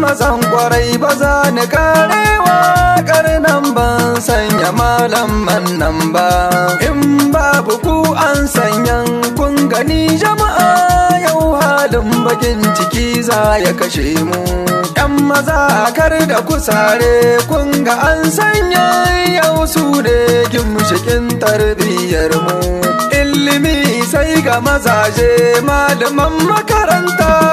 mazan kwarai ba za ni karewa karnan ban sanya malaman nan ba in babu ku an sanyan kun gani jama'a yau halin bakin ciki za ya kashe mu yan maza a kar da kusare kun ga an sanya yau su ne gimshikin tarbiyyar mu ilimi sai ga mazaje malaman makaranta